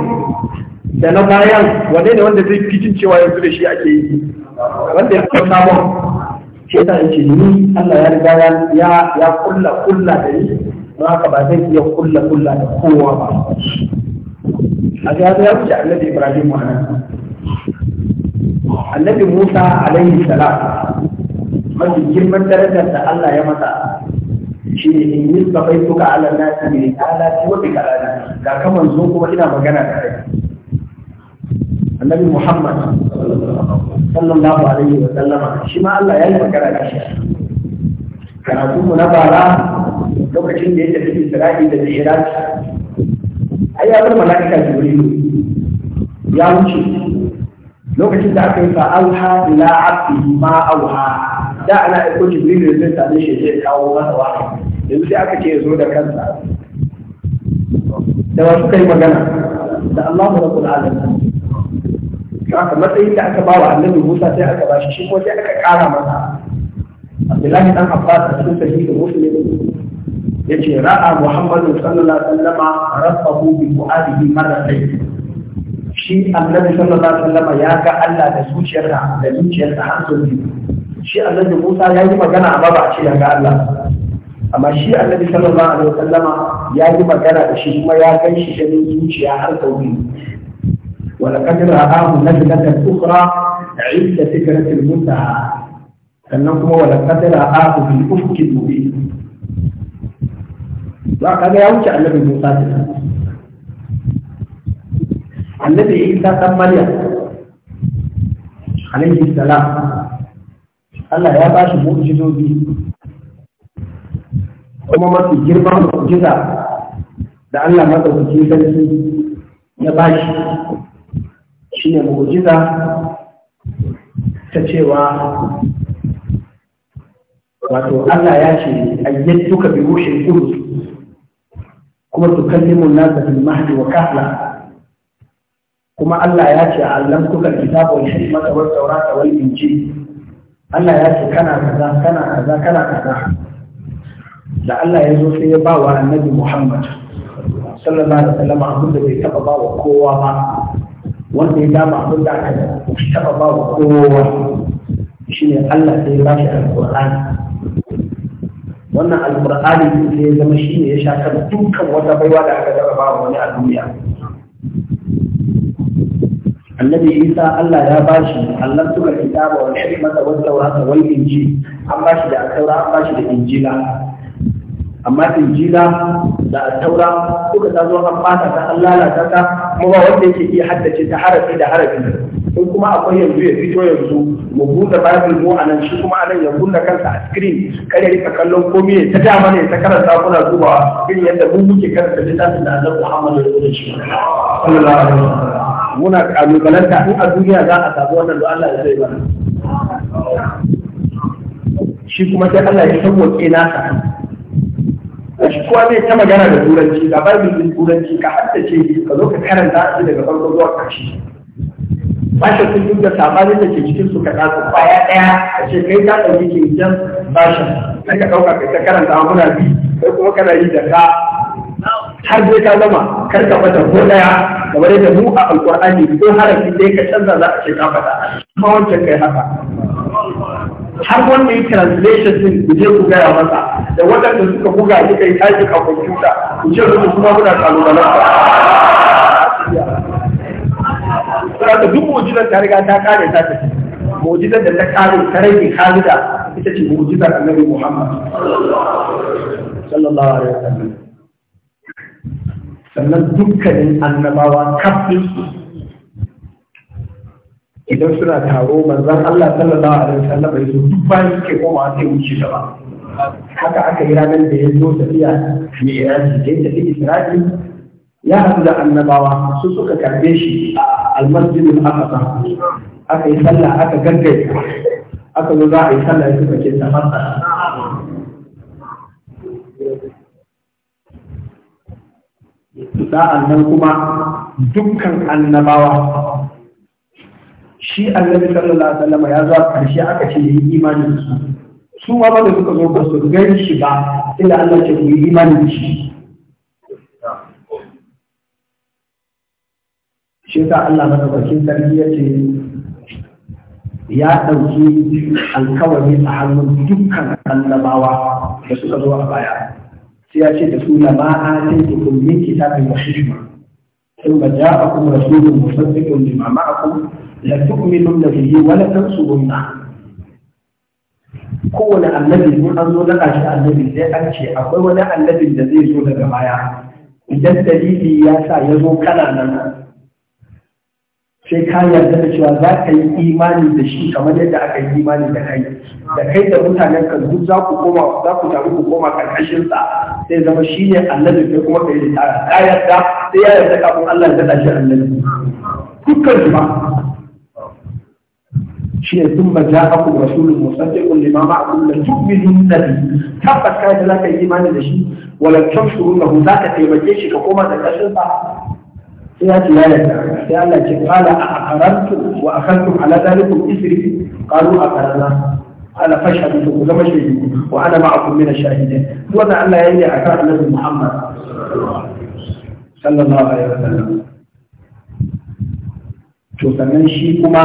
da na bayan wane ne wanda zai fi cewa yanzu da shi ake yi wanda ya fi sabon shi yasa ce ni Allah ya riga ya ya kulla kulla da ni don haka ba zai iya kulla kulla da kowa ba a ga ya wuce annabi Ibrahim wa annabi Musa alaihi salam mafi girman darajar da Allah ya masa shi ne in yi babai tuka ala nasi ne ala ci wa bi kalana ga kaman zo kuma ina magana da kai annabi Muhammad sallallahu alaihi wa sallama shi ma Allah ya yi magana da shi karatu mu na bara lokacin da ya tafi Isra'i da Mi'raj ai ya bar mala'ika Jibril ya wuce lokacin da aka yi fa auha ila abdi ma auha da ana aiko Jibril da zai same shi zai kawo masa wahayi yanzu sai aka ce ya zo da kansa da wasu kai magana da Allah rabbul alamin haka matsayin da aka bawa annabi Musa sai aka bashi shi ko sai aka kara masa Abdullahi dan Abbas a cikin sahihi Muslim yace ra'a Muhammadu sallallahu alaihi wasallama rabbahu bi fu'adihi marratayn shi annabi sallallahu alaihi wasallama ya ga Allah da zuciyarsa da zuciyarsa har sau biyu shi annabi Musa ya yi magana amma ba a ce ga Allah amma shi annabi sallallahu alaihi wasallama ya yi magana da shi kuma ya gan shi ganin zuciya har sau biyu ولقد رآه نزلة أخرى عند فكرة المتعة كأنكم ولقد رآه في الأفق المبين وقد يرجع النبي موسى النبي عيسى بن مريم عليه السلام قال يا باشا موجد بي وما ما في جربة موجدة لأن ما تبقى يا باشا shi ne mu'ujiza ta cewa wato Allah ya ce duka bi ruhin qudus kuma kalli an-nasa bil mahdi wa kafla kuma Allah ya ce allamtuka al-kitaba wal hikmata wat tawrata wal injil Allah ya ce kana kaza kana kaza kana kaza da Allah ya zo sai ya ba wa annabi Muhammad sallallahu alaihi wasallam abin da bai taba ba wa kowa ba wanda ya dama abin da aka taɓa ba wa kowa shi ne Allah sai ya shi alƙur'ani wannan alƙur'ani sai ya zama shi ne ya shakar dukkan wata baiwa da aka jarraba wa wani a duniya annabi isa Allah ya bashi Allah suka kitaba wa ni'mata wa tawrata wani inji an bashi da tawra an bashi da injila amma injila da taura duka ta zo an fata ta an lalata ta kuma ba wanda yake iya haddace ta harafi da harafi in kuma akwai yanzu ya fito yanzu mu buɗe bible mu a nan, shi kuma a nan ya kunna kansa a screen kar ya rika kallon komai ya ta dama ne ta karanta kuna zuwa irin yadda mu muke karanta littafin da Annabi Muhammadu ya rubuta shi sallallahu alaihi wasallam muna kalubalanta in a duniya za a sabu wannan da Allah ya zai bana shi kuma sai Allah ya tabbace nasa shi kowa zai ta magana da turanci ga babin din turanci ka haddace ka zo ka karanta shi daga farko zuwa ƙarshe bashin sun duk da sabanin da ke cikin su ka tsatsu kwaya ɗaya a ce kai ka ɗauki kinjan bashin sai ka ɗauka kai ta karanta amuna biyu sai kuma kana yi da ka har zai ka zama kar ka fata ko ɗaya kamar yadda mu a alƙur'ani ko harafi sai ka canza za a ce ka fata kuma wancan kai haka har wanda yi translation din ku je ku gaya masa da wadanda suka buga suka yi tashi a kwamfuta ku ce su kuma muna kalubalen ba da duk mujizar ta riga ta kare ta tafi mujizar da ta kare ta rage halida ita ce mujizar annabi muhammad sallallahu alaihi wasallam sannan dukkanin annabawa kafin su idan suna taro manzan Allah sallallahu alaihi wasallam ya so duk bayan suke koma sai wuce ta ba haka aka yi ranar da ya zo tafiya mai iraki da ya tafi Isra'i ya haɗu da annabawa su suka karbe shi a almasjidin aqsa aka yi sallah aka gaggaya aka zo za a yi sallah suka ke ta masa sa'an nan kuma dukkan annabawa shi annabi sallallahu alaihi wasallam ya zo karshe aka ce yi imani da su su ma ba da suka zo ba su gani shi ba inda Allah ce yi imani da shi shi ta Allah madaukakin sarki ya ce ya ɗauki alkawari a hannun dukkan annabawa da suka zo a baya sai ya ce da su lama a sai ki kulli kitabin ثم جاءكم رسول مصدق لما معكم لتؤمنن به ولتنصرنه kowane annabi an zo daga shi annabi sai an ce akwai wani annabin da zai zo daga baya idan dalili ya sa ya zo kana nan sai ka yarda da cewa za ka yi imani da shi kamar yadda aka yi imani da kai da kai da mutanen ka duk za ku koma za ku taru ku koma karkashin sa sai zama shi ne annabi sai kuma kai da ka yarda sai ya yarda kafin Allah ya shi annabi dukkan su ba shi ne sun ba ja aku rasulun musaddiqun lima ma'akum la tu'minun nabi tabbas kai da za ka yi imani da shi wala tansurunahu za ka taimake shi ka koma da kashin sa ya ce ya yarda sai Allah ce qala a aqarartu wa akhadtum ala dhalikum isri qalu aqarna ala fashhadu ku zama shahidu wa ana ma'akum min ash-shahidin wannan Allah ya yi akan Annabi Muhammad sallallahu alaihi wasallam to sannan shi kuma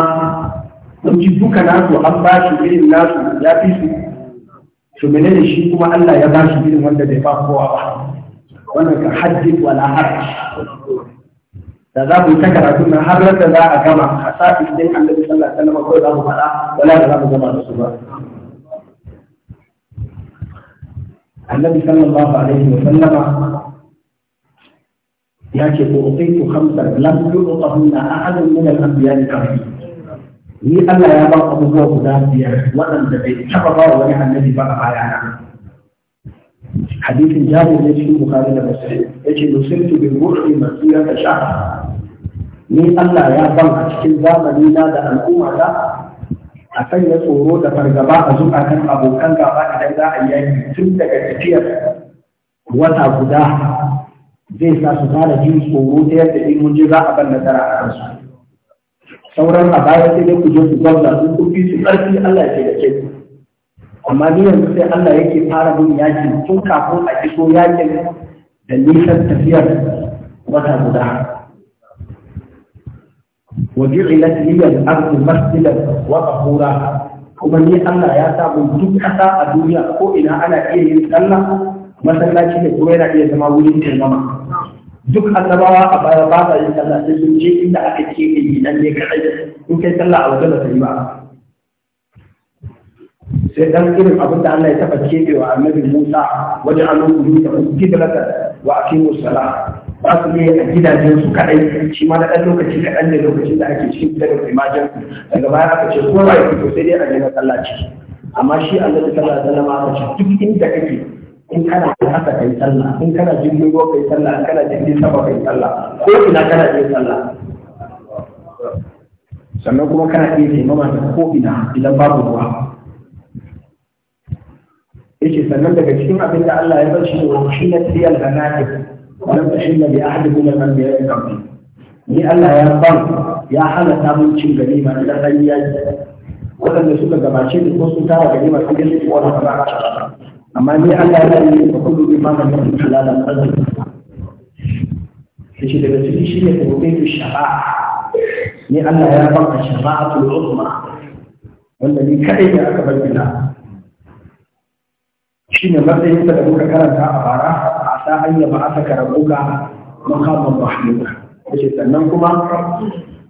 kun ji duka nasu an ba shi irin nasu ya fi su to menene shi kuma Allah ya ba shi irin wanda bai ba kowa ba wannan ka haddi wala harj da za ku yi ta karatu na har da za a gama a sati idan annabi sallallahu alaihi wasallam ko za mu faɗa wala da za mu gama da su ba annabi sallallahu alaihi wasallama ya ce uqitu khamsan lam yu'tahunna ahadun min al-anbiya'i qabli ni Allah ya ba abubuwa guda biyar waɗanda bai taɓa ba wa wani annabi ba a bayana hadisin jabir ne cikin bukhari da muslim yace nusirtu bil ruhi masira ta shahr ni Allah ya ban a cikin zamani na da al'umma ta a sanya tsoro da fargaba a zukatan abokan gaba idan za a yi tun daga tafiyar wata guda zai sa su fara jin tsoro ta yadda in mun ji za a ban nasara a kansu sauran a baya sai dai ku je ku gwamna sun kufi su ƙarfi Allah ke da ke amma ni yanzu sai Allah yake fara min yakin tun kafin a iso yakin da nisan tafiyar wata guda وجعلت لي الأرض مسجدا وطهورا kuma ni Allah ya samu duk ƙasa a duniya ko ina ana iya yin sallah masallaci ne kuma yana iya zama wurin tilmama duk annabawa a baya ba sa yin sallah sai sun je inda aka ce ne dan ne kai, in kai sallah a wajen da ta yi ba sai dan irin abin da Allah ya taba kebewa annabi Musa wajen annabi Musa kiblata wa aqimu salat ba su iya a gidajen su kaɗai shi ma na ɗan lokaci kaɗan da lokacin da ake cikin daga imajen daga baya aka ce ko ba to sai dai a je masallaci amma shi annabi sallallahu alaihi wasallam aka ce duk inda kake in kana haka kai sallah in kana jirgin ruwa kai sallah in kana jirgin saba kai sallah ko ina kana yin sallah sannan kuma kana iya taimama ta ko ina idan babu ruwa yace sannan daga cikin abin da Allah ya bar shi ne wa shine tiyal ganaib ولم تحل لأحدكم الأنبياء قبلي ni Allah ya ban ya halatta mun cin ganima idan an yi waɗanda suka gabace da ko sun tara ganima sun yi su wani kamar amma ni Allah ya yi da kullu bi ma da mun halala azu shi daga cikin shi ne tawbatu shafa'a ni Allah ya ban shafa'atul uzma wanda ni kadai da aka bayyana shine matsayin da muka karanta a bara asa hanya ba aka karabuka makaman mahmuda yace sannan kuma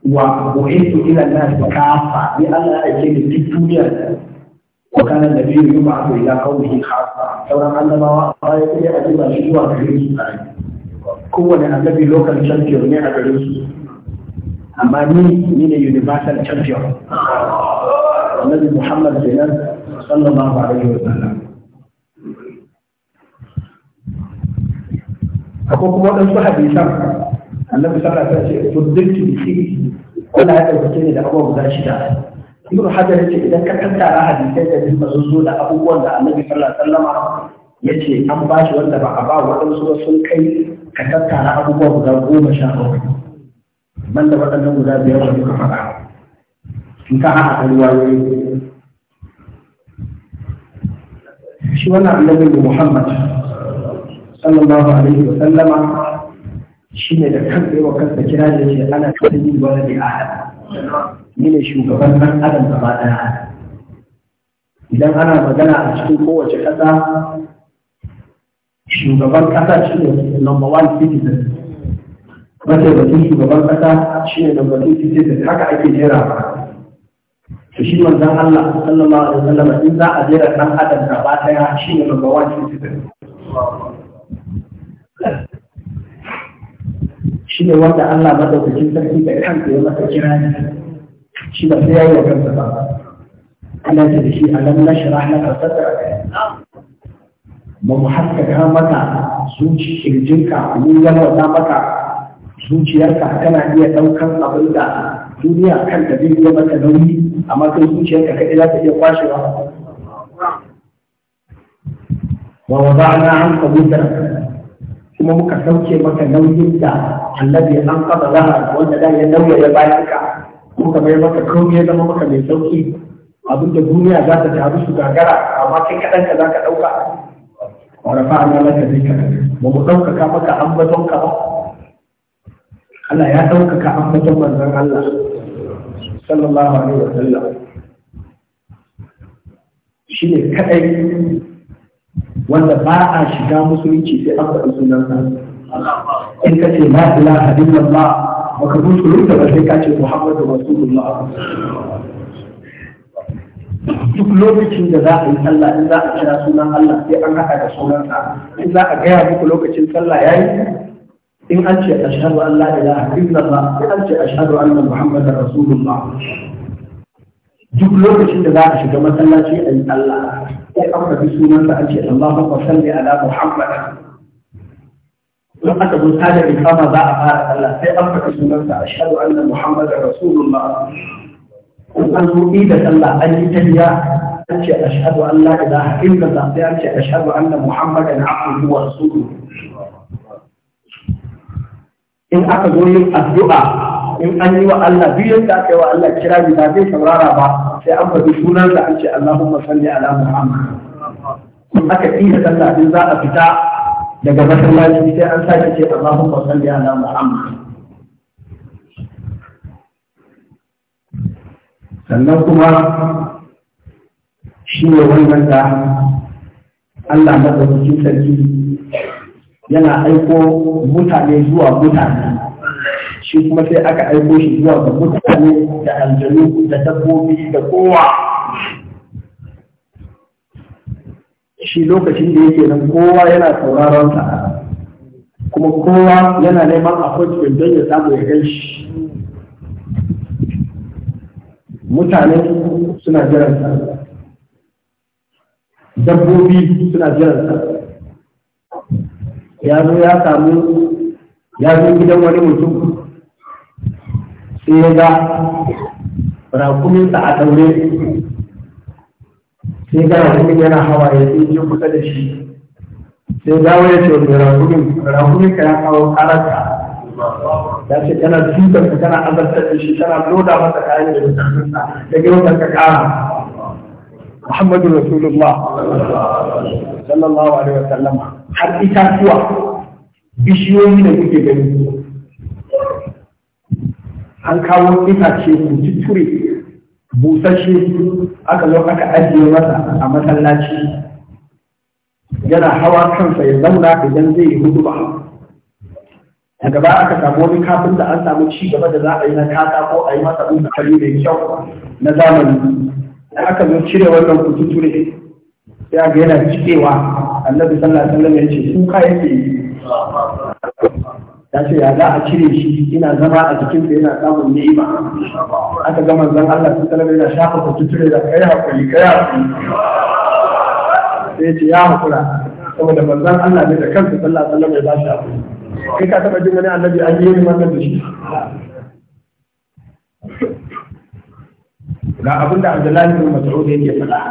wa buhitu ila nas kafa ni Allah ya ce duk duniyar wa kana nabiyyu yub'athu ila qaumihi khassa sauran annabawa a ya a ji ba shi zuwa gare su kowane annabi local champion ne a gare su amma ni ni ne universal champion annabi Muhammad kenan sallallahu alaihi wa sallam akwai kuma waɗansu hadisan annabi sallallahu alaihi wasallam ce tudditu bi shi wala ya dauke ne da abubuwan guda shida ibnu hajar yace idan ka tattara hadisai da duk sun zo da abubuwan da annabi sallallahu alaihi wasallam yace an ba shi wanda ba a ba waɗansu ba sun kai ka tattara abubuwa guda goma sha bakwai man da waɗannan guda biyar da muka faɗa in ka haɗa ruwayoyi shi wannan annabi Muhammad sallallahu alaihi wa sallama shi ne da kansa yawa kansa kira da ce ana kasance wani da ahad ni ne shugaban ɗan adam gaba ɗaya idan ana magana a cikin kowace ƙasa shugaban ƙasa shi ne number one citizen mataimakin shugaban ƙasa shi ne number two citizen haka ake jera ba to shi manzon Allah sallallahu alaihi wasallam in za a jera ɗan adam gaba ɗaya shi ne number one citizen shi ne wanda Allah madaukakin sarki da kanta ya masa kira ne shi ba sai ya yi wa kansa ba Allah da shi alam nashrah laka sadraka ba mu haskaka maka zuci kirjinka mun yalwata maka zuciyarka tana iya ɗaukar abin da duniya kanta zai iya maka nauyi amma kai zuciyarka kaɗai za ta iya kwashewa wa wada'na anka wizraka kuma muka sauke maka nauyin da annabi an kaba lahar wanda da ya nauya ya baki ka Kuma mai maka komai ya zama maka mai sauki da duniya za ta taru su gagara amma kai kaɗan ka za ka ɗauka wa rafa'na laka dhikraka ba mu ɗaukaka maka ambaton ka Allah ya ɗaukaka ambaton manzon Allah sallallahu alaihi wa sallam shi ne kadai. wanda ba a shiga musulunci sai an faɗi sunansa in ka ce la ilaha illallah ba ka musulunta ba sai ka ce muhammadu rasulullah duk lokacin da za a yi sallah in za a kira sunan Allah sai an haɗa da sunansa in za a gaya muku lokacin sallah yayi in an ce ashhadu an la ilaha illallah sai an ce ashhadu anna muhammadar rasulullah duk lokacin da za a shiga masallaci a yi sallah sai aka bi sunansa an ce Allahumma salli ala Muhammad don aka mun tada bi kama za a fara sallah sai an faɗi sunansa ashhadu anna Muhammadar Rasulullah in an zo da sallah an yi tafiya an ce ashhadu an la ilaha illallah sai an ce ashhadu anna na abduhu wa rasuluhu in aka zo yin addu'a in an yi wa Allah duk yadda aka yi wa Allah kira ni ba zai saurara ba sai an faɗi sunan da an ce Allahumma salli ala Muhammad in aka da sallah din za a fita daga masallaci sai an sake ce Allahumma salli ala Muhammad sannan kuma shi ne wannan da Allah madaukakin sarki yana aiko mutane zuwa mutane shi kuma sai aka aiko shi zuwa ga mutane da aljanu da dabbobi da kowa shi lokacin da yake nan kowa yana sauraron sa kuma kowa yana neman appointment don ya samu ya gan shi mutane suna jiran sa dabbobi suna jiran sa ya zo ya samu ya zo gidan wani mutum sai ya ga sa a daure sai ga rakumin yana hawa ya tsinci kusa da shi sai ga ya ce wani rakumin rakumin ka ya kawo karanta ya ce tana tutar ka tana azartar da shi tana loda masa kayan da mutanensa da girman ka kara Muhammadu Rasulullah sallallahu alaihi wasallam har itatuwa bishiyoyi da kuke gani an kawo itace ku busasshe aka zo aka ajiye masa a masallaci yana hawa kansa ya zauna idan zai yi ba daga gaba aka samu wani kafin da an samu ci gaba da za a yi na ko a yi masa ɗin kari mai kyau na zamani da aka zo cire wannan kututure ya ga yana cikewa annabi sallallahu alaihi wasallam ya ce kuka yake ta ce ya za a cire shi ina zama a jikinsa yana samun ni'ima aka ga manzon Allah sun talaba yana shafa ku tuture da kai hakuri kai hakuri sai ce ya hakura saboda manzon Allah ne da kansa sallallahu alaihi ya ba shi hakuri kai ka taba jin wani annabi an yi irin wannan da shi ga abin da Abdullahi bin Mas'ud yake faɗa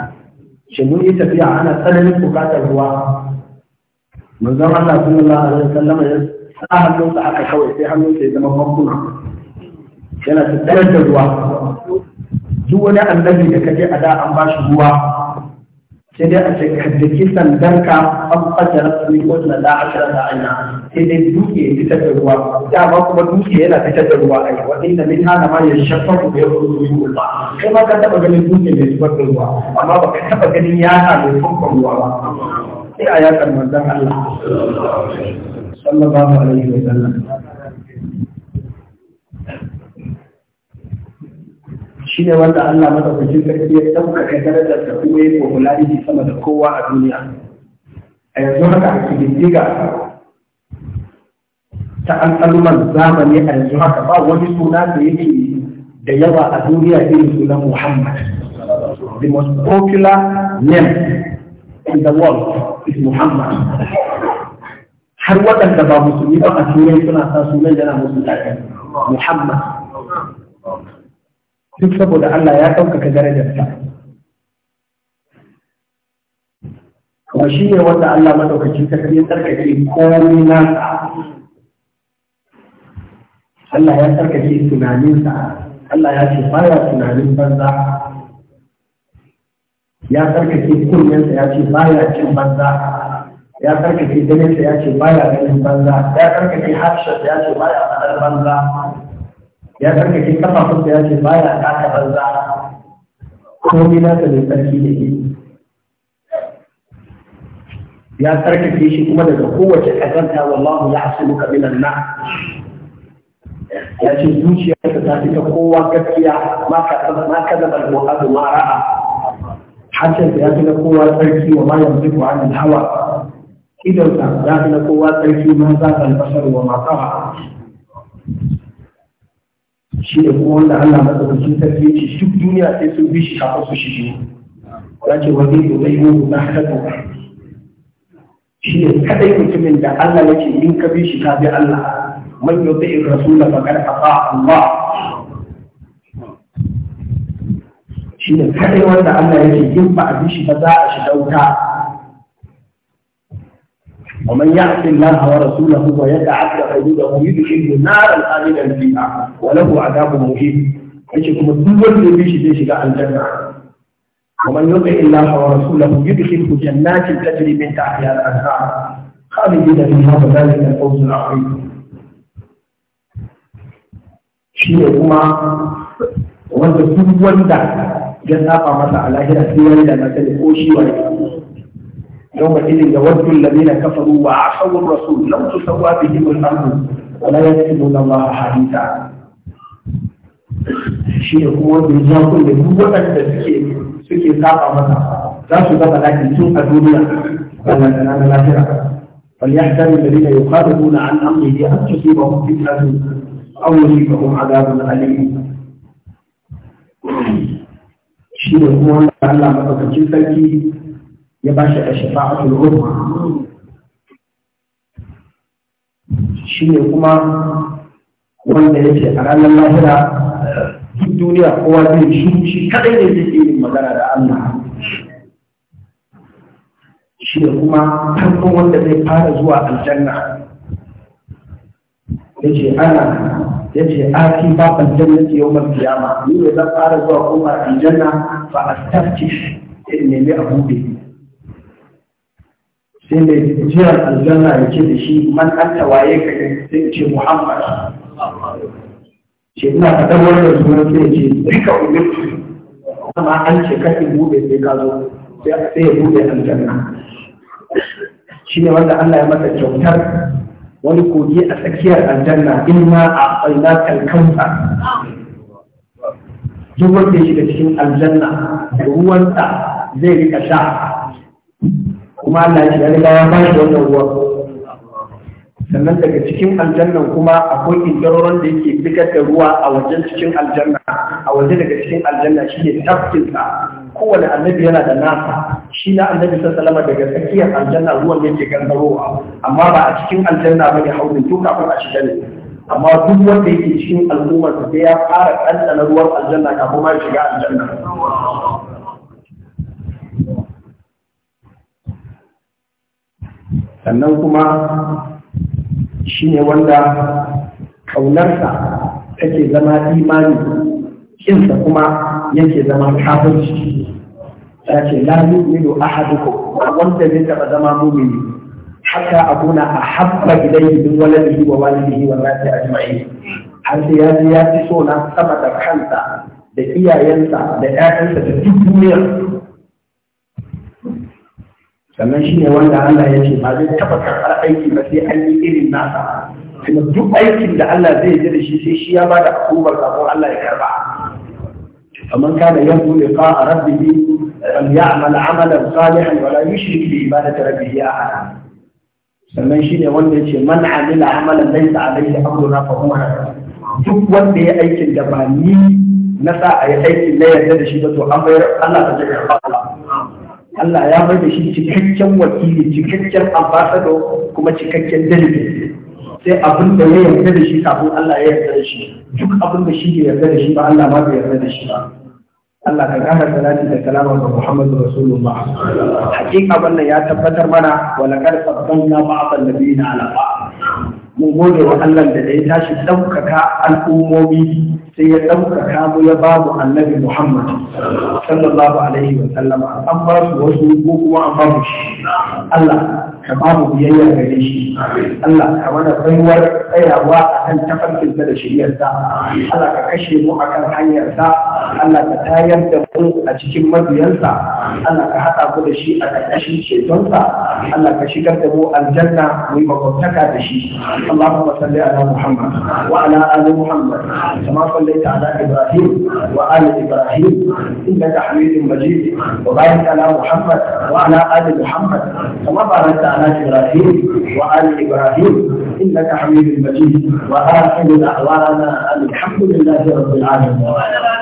Shin mun yi tafiya ana tsananin bukatar ruwa manzon Allah sallallahu alaihi wasallam ya sa hannunsa haka kawai sai hannunsa ya zama bankuna yana tattalar da ruwa duk wani annabi da kaje a da an ba shi ruwa sai dai a ce ka daki sandanka an fajara su ne da a la'ashara da aina sai dai duke ya fitar da ruwa dama kuma duke yana fitar da ruwa ai wani da min hana ma ya shafa ku ya furu yi ulfa kai ma ka taba ganin duke mai zubar da ruwa amma ba ka taba ganin yasa mai fankan ruwa ba sai a yakan manzon Allah sallallahu alaihi shi ne wanda Allah madaukakin sarki ya ɗaukaka darajar da kuma ya popularity sama da kowa a duniya a yanzu haka a diga ta an zamani a yanzu haka ba wani suna da yake da yawa a duniya irin sunan Muhammad the most popular name in the world is Muhammad har waɗanda ba musulmi ba a turai suna sa sunan yana musu lafiya muhammad duk saboda Allah ya ɗaukaka darajarsa kuma shi ne wanda Allah madaukakin sarki ya tsarkake komai na Allah ya tsarkake tunaninsa Allah ya ce baya tunanin banza ya tsarkake kunyansa ya ce baya cin banza ya karkace idanunsa ya ce baya ganin banza ya karkace hafshat ya ce baya faɗar banza ya karkace kafafunsa ya ce baya taka banza komai nasa mai tsarki da ke ya tsarkake shi kuma daga kowace kazanta wallahu ya asu muka minan na ya ce zuciya ta tafi ta kowa gaskiya ma ka zaba al'adu ma ra'a hancin ya fi na kowa tsarki wa ma yanzu ku hannun hawa idonsa za ka na kowa tsarki ma za ka albashar wa mata shi da kuma wanda Allah da sarki tafiye ce duk duniya sai sun bi shi kafin su shi ya ce wani da zai yi na haɗa shi ne kadai mutumin da Allah ya ce in ka bi shi ka bi Allah man yau zai rasula bakar kafa Allah shi ne kadai wanda Allah ya ce in ba a bi shi ba za a shiga wuta ومن يعص الله ورسوله ويتعدى حدوده يدخله نارا خالدا فيها وله عذاب مهين يشكم الدول اللي بيش بيش الجنة ومن يطع الله ورسوله يدخله جنات تجري من تحتها الأنهار خالدين فيها وذلك الفوز العظيم شيء كما wanda duk wanda ya saba على a الدول sai ya da يومئذ يود الذين كفروا وعصوا الرسول لو تسوى بهم الارض ولا يكتمون الله حديثا shi kuma bai ja kun da duk waɗanda suke suke saba masa za su ga balaki tun a duniya wannan na lafiya فليحذر الذين يقاربون عن امره ان تصيبهم فتنه او يصيبهم عذاب اليم shi da kuma Allah madaukakin sarki ya ba shi a shafa'atul umma shi ne kuma wanda ya ce a ranar lahira duk duniya kowa zai shi shi kadai ne zai yi magana da Allah shi ne kuma farko wanda zai fara zuwa aljanna ya ce ana ya ce aki ba aljanna ce yau mafi ni ne zan fara zuwa kuma aljanna ba a tafci in nemi a buɗe sai mai aljanna ya ce da shi man anta waye ka sai ce muhammad ce ina ka da sunan sai ce sai ka umarci amma an ce ka in bude sai ka zo sai ya bude aljanna shi ne wanda Allah ya masa kyautar wani kogi a tsakiyar aljanna inna a aina kalkauta duk wanda ya shiga cikin aljanna ruwansa zai rika sha kuma Allah ya riga ya ba shi wannan ruwa sannan daga cikin aljannan kuma akwai indaroron da yake fitar da ruwa a wajen cikin aljanna a waje daga cikin aljanna shi ne tafkinsa kowane annabi yana da nasa shi na annabi ta salama daga tsakiyar aljanna ruwan da yake gangarowa amma ba a cikin aljanna ba ne haurin to kafin a shiga ne amma duk wanda yake cikin al'ummar da ya fara ɗanɗana ruwan aljanna kafin ma shiga aljanna sannan kuma shi ne wanda ƙaunarsa take zama imani kinsa kuma yake zama kafirci ta ce la yu'minu A wanda zai taɓa zama mumini حتى أكون أحب إليه من ولده ووالده والناس أجمعين har sai ya ji ya fi so na sama da kansa da iyayensa da 'ya'yansa da duk duniya sannan shi ne wanda Allah ya ce ba zai taɓa karɓar aiki ba sai an yi irin nasa kuma duk aikin da Allah zai yi da shi sai shi ya ba da akubar kafin Allah ya karba. karɓa فمن كان يرجو لقاء ربه فليعمل عملا صالحا ولا يشرك بعبادة ربه أحدا sannan shi ne wanda ya ce man amila amalan laisa alaihi amruna fa huwa duk wanda ya aikin da ba ni na sa a yi aikin na yarda da shi ba to an bayar Allah ta jira ba Allah ya bar da shi cikakken wakili cikakken ambassador kuma cikakken dalibi. sai abin da ya yarda da shi kafin Allah ya yarda da shi duk abin da shi bai yarda da shi ba Allah ma bai yarda da shi ba Allah ka kara salati da kalamar ga Muhammadu Rasulullah hakika wannan ya tabbatar mana wa laqad faddalna ba'd an-nabiyina ala mun gode wa Allah da ya tashi ɗaukaka al'ummomi sai ya ɗaukaka mu ya ba mu annabi Muhammad sallallahu alaihi wa sallama an ba su wasu ko kuma an ba mu shi Allah ka ba mu biyayya gare shi Allah ka mana baiwar tsayawa a kan tafarkinsa da shiryarsa Allah ka kashe mu akan hanyarsa Allah ka tayar da mu a cikin mabiyansa Allah ka haɗa ku da shi a ƙarƙashin cetonsa Allah ka shigar da mu aljanna mu yi makwabtaka da shi Allahumma salli ala Muhammad wa ala ali Muhammad kama sallaita ala Ibrahim wa ali Ibrahim innaka Hamidum Majid wa barik ala Muhammad wa ala ali Muhammad kama barakta ala Ibrahim wa ali Ibrahim innaka Hamidum Majid wa akhiru da'wana alhamdulillahi rabbil alamin